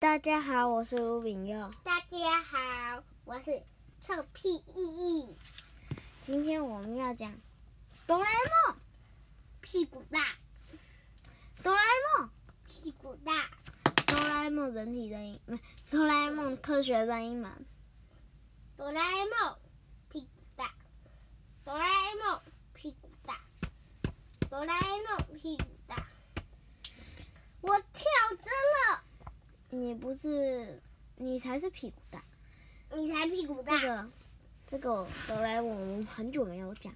大家好，我是吳炳佑。大家好，我是臭屁意意。今天我們要講哆啦 A 夢屁股大。哆啦 A 夢屁股大。哆啦 A 夢人體聲音，哆啦 A 夢科學任意門。哆啦 A 夢屁股大。哆啦 A 夢屁股大。哆啦 A 夢屁，屁股大。我跳針了。你不是，你才是屁股大，你才屁股大。這個，這個哆啦 A 夢我們很久沒有講。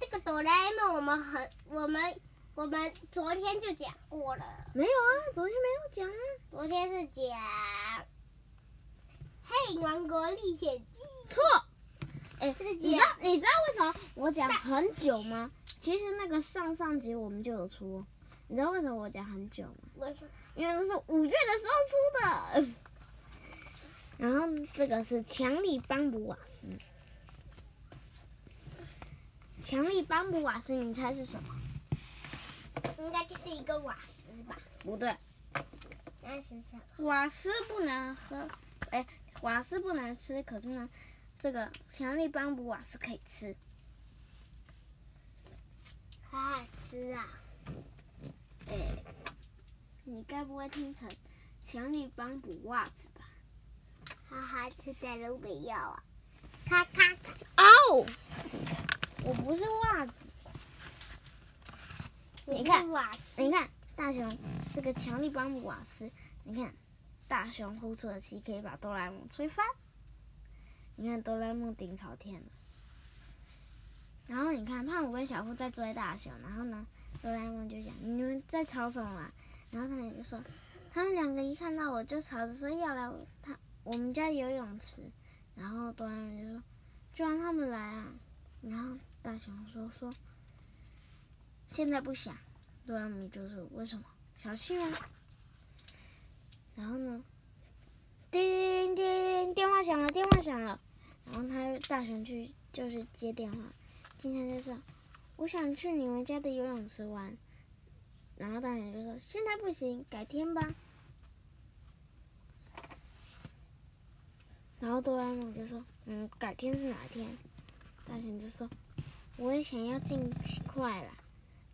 這個哆啦 A 夢我們很我們我們昨天就講過了。沒有啊，昨天沒有講啊，昨天是講《嘿王國歷險記》。錯、欸，哎，你知道你知道為什麼我講很久嗎？其實那個上上集我們就有出。你知道為什麼我講很久嗎？為什麼？因為這是五月的時候出的。然後這個是強力幫浦瓦斯，強力幫浦瓦斯，你猜是什麼？應該就是一個瓦斯吧？不對，是瓦斯不能喝，哎、欸，瓦斯不能吃，可是呢，這個強力幫浦瓦斯可以吃，好好吃啊！哎、欸，你該不會聽成強力幫浦襪子吧？哈哈，現在都沒有啊！咔咔咔！哦、oh! 我不是襪子。你看，你看，大熊這個強力幫浦瓦斯，你看，大熊、這個、你看大熊呼出的氣可以把哆啦 A 夢吹翻。你看哆啦 A 夢頂朝天了。然後你看胖虎跟小夫在追大熊，然後呢？哆啦 A 夢就講：“你們在吵什麼？”然後他們就說：“他們兩個一看到我就吵着說要來他我們家游泳池。”然後哆啦 A 夢就說：“就讓他們來啊！”然後大雄說：“說現在不想。”哆啦 A 夢就說：“為什麼？小氣嗎、啊？”然後呢？叮叮叮，電話響了，電話響了。然後他大雄去就是接電話，今天就是。我想去你們家的游泳池玩，然後大雄就說：“現在不行，改天吧。”然後哆啦 A 夢就說：“嗯，改天是哪天？”大雄就說：“我也想要盡快啦，了，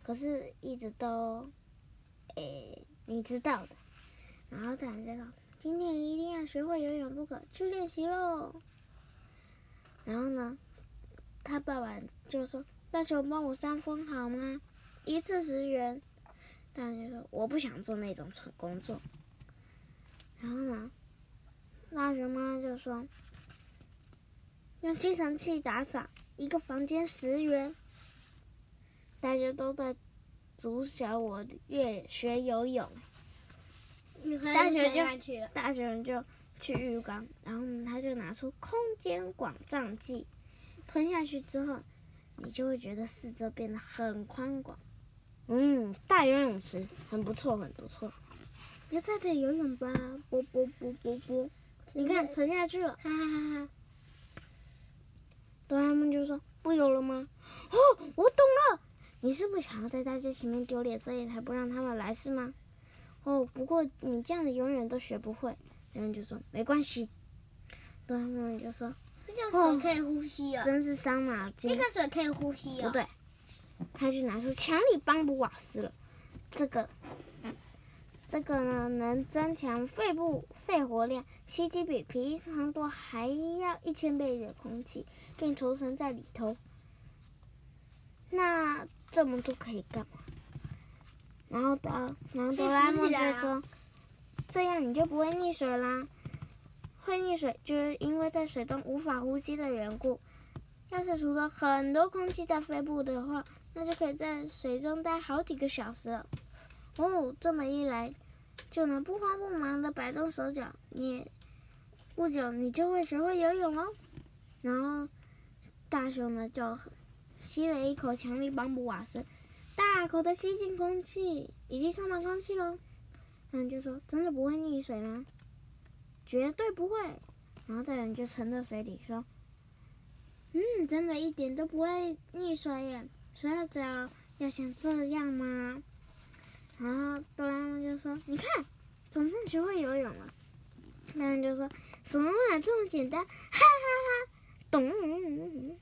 可是一直都……誒、欸，你知道的。”然後大雄就說：“今天一定要學會游泳不可，去練習嘍。”然後呢，他爸爸就說。大雄幫我扇風好嗎？一次十元。大雄說：“我不想做那種蠢工作。”然後呢，大雄媽媽就說：“用吸塵器打掃一個房間十元。”大家都在阻止我越學游泳。大雄就大雄就去浴缸，然後呢，他就拿出空間廣脹劑，吞下去之後。你就會覺得四周變得很寬廣，嗯，大游泳池很不錯，很不錯。你就在這游泳吧，不不不不不，你看沉下去了。哈哈哈哈。哆啦 A 夢就說不游了嗎？哦，我懂了，你是不是想要在大家前面丟臉，所以才不讓他們來是嗎？哦，不過你這樣子永遠都學不會。然後就說沒關係。哆啦 A 夢就說。水可以呼吸哦，真是傷腦筋。這個水可以呼吸哦，哦，那個、水可以呼吸哦，不對，他就拿出強力幫浦瓦斯了。這個、嗯，這個呢，能增強肺部肺活量，吸進比平常多還要一千倍的空氣，並儲存在裡頭。那這麼多可以幹嘛？然後哆、啊，然後哆啦 A 夢就說：“這樣你就不會溺水啦。”會溺水，就是因為在水中無法呼吸的緣故。要是儲存很多空氣在肺部的話，那就可以在水中待好幾個小時了。哦，這麼一來，就能不慌不忙的擺動手腳。你不久，你就會學會游泳嘍。然後，大雄呢就吸了一口強力幫浦瓦斯，大口的吸進空氣，已經充滿空氣嘍。嗯，就說真的不會溺水嗎？絕對不會。然後這人就沉到水裡說：“嗯，真的，一點都不會溺水耶！所以只要要像這樣嗎？”然後哆啦 A 夢就說：“你看，總算學會游泳了、啊。”那人就說：“什麼啊，這麼簡單！”哈哈哈，咚、嗯嗯嗯嗯，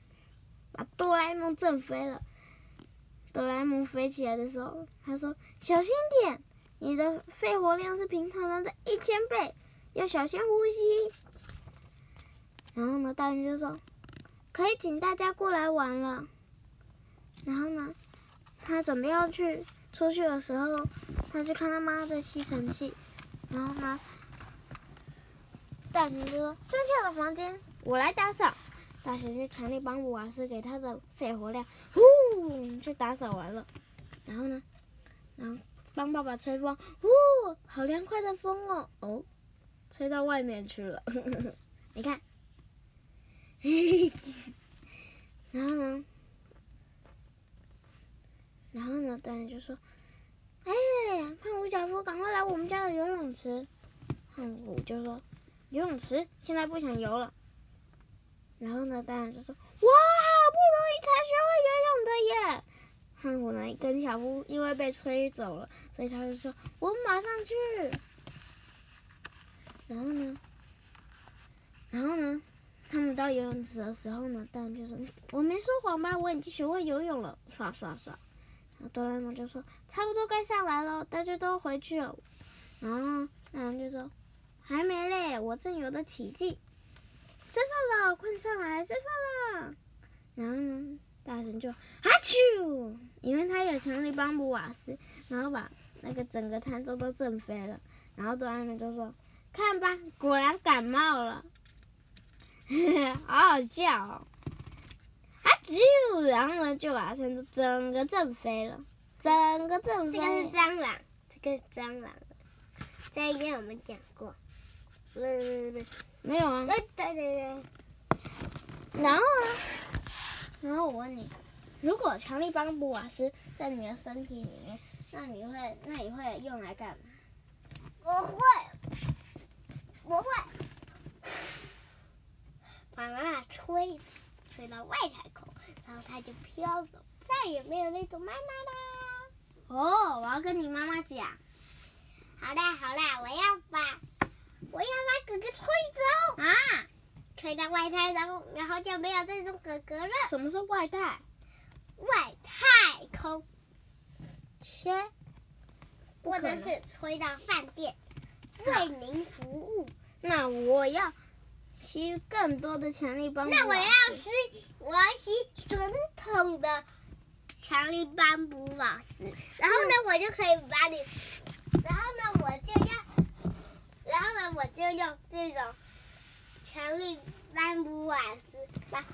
把哆啦 A 夢震飛了。哆啦 A 夢飛起來的時候，他說：“小心點，你的肺活量是平常人的一千倍。”要小心呼吸。然後呢，大雄就說可以請大家過來玩了。然後呢，他準備要去出去的時候，他就看到媽媽在吸塵器。然後呢，大雄就說剩下的房間我來打掃。大雄就強力幫浦瓦斯，啊，給他的肺活量，呼，去打掃完了。然後呢，然後幫爸爸吹風，呼，好涼快的風哦，哦。吹到外面去了， 你看， 然後呢？然後呢？大人就說：“哎、欸，胖虎、小夫，趕快來我們家的游泳池。”胖虎就說：“游泳池現在不想游了。”然後呢？大人就說：“哇，好不容易才學會游泳的耶！”胖虎呢，跟小夫因為被吹走了，所以他就說：“我馬上去。”然後呢？然後呢？他們到游泳池的時候呢，大人就說：“我沒說謊吧？我已經學會游泳了。”刷刷刷。然後哆啦 A 夢就說：“差不多該下來了，大家都回去。”然後大人就說：“還沒嘞，我正游的起勁。吃飯了，快上來吃飯了。然後呢，大人就哈啾！因為他有強力幫浦瓦斯，然後把那個整個餐桌都震飛了。然後哆啦 A 夢就說。看吧，果然感冒了，嗷嗷叫、哦，啊啾！然後呢，就把整個整個震飛了，整個震飛了。這個是蟑螂，這個是蟑螂。在一遍我們講過，不沒有啊。嗯、對對對，對，然後呢？然後我問你，如果強力幫浦瓦斯在你的身體裡面，那你會那你會用來幹嘛？我會。不會，把媽媽吹一吹，吹到外太空，然後它就飄走，再也沒有那種媽媽啦。哦，我要跟你媽媽講。好啦好啦，我要把我要把哥哥吹走啊，吹到外太空，然後然後就沒有這種哥哥了。什麼是外帶？外太空？切，或者是吹到飯店？為您服務。那我要吸更多的強力幫浦。那我要吸，我要吸整桶的強力幫浦瓦斯。然後呢、嗯，我就可以把你。然後呢，我就要。然後呢，我就用這種強力幫浦瓦斯把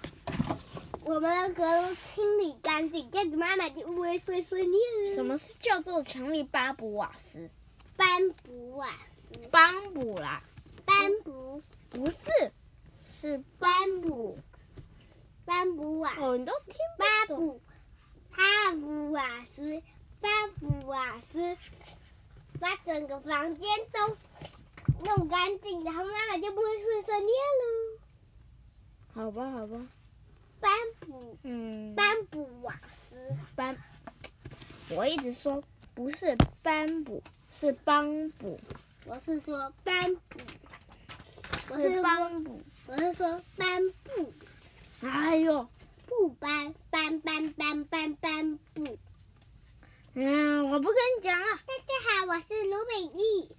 我們的閣樓清理乾淨，這樣子媽媽就不會碎碎念了。什麼是叫做強力幫浦瓦斯？幫浦啊。邦布啦，邦布、嗯、不是，是邦布，邦布瓦斯。多你聽不懂，哈布瓦斯，邦布瓦斯，把整個房間都弄乾淨，然後媽媽就不會碎碎念嘍。好吧，好吧，邦布，嗯，幫浦瓦斯，斑，我一直說不是邦布，是幫浦。我是說幫浦，我是幫浦，我是說幫浦，哎呦，不幫幫幫幫幫幫浦，嗯，我不跟你講了、啊。大家好，我是盧美麗。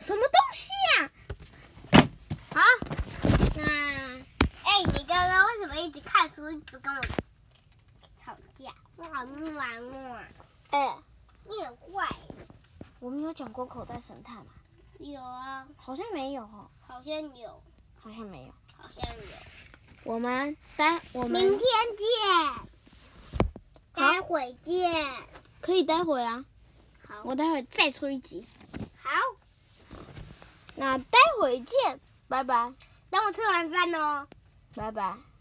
什麼東西啊？啊？嗯、啊，哎、欸，你剛剛為什麼一直看書，一直跟我吵架？我好木啊！哎、啊欸，你很壞、欸。我們有講過口袋神探嗎？有啊，好像沒有哦，好像有，好像沒有，好像有。我們待我們明天見，待會見，可以待會啊。好，我待會再出一集。好，那待會見，拜拜。等我吃完飯哦，拜拜。